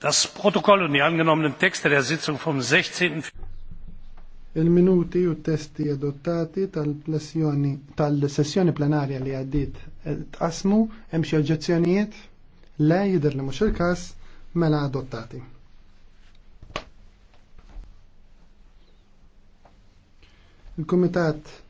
Das Protokoll und die angenommenen Texte der Sitzung vom 16. Il-minuti u testi adottati tal-sessjoni plenarja li għaddit tqasmu hemm xi oġġezzjonijiet le jidher li mhux il-każ mela adottati. Il-Kumitat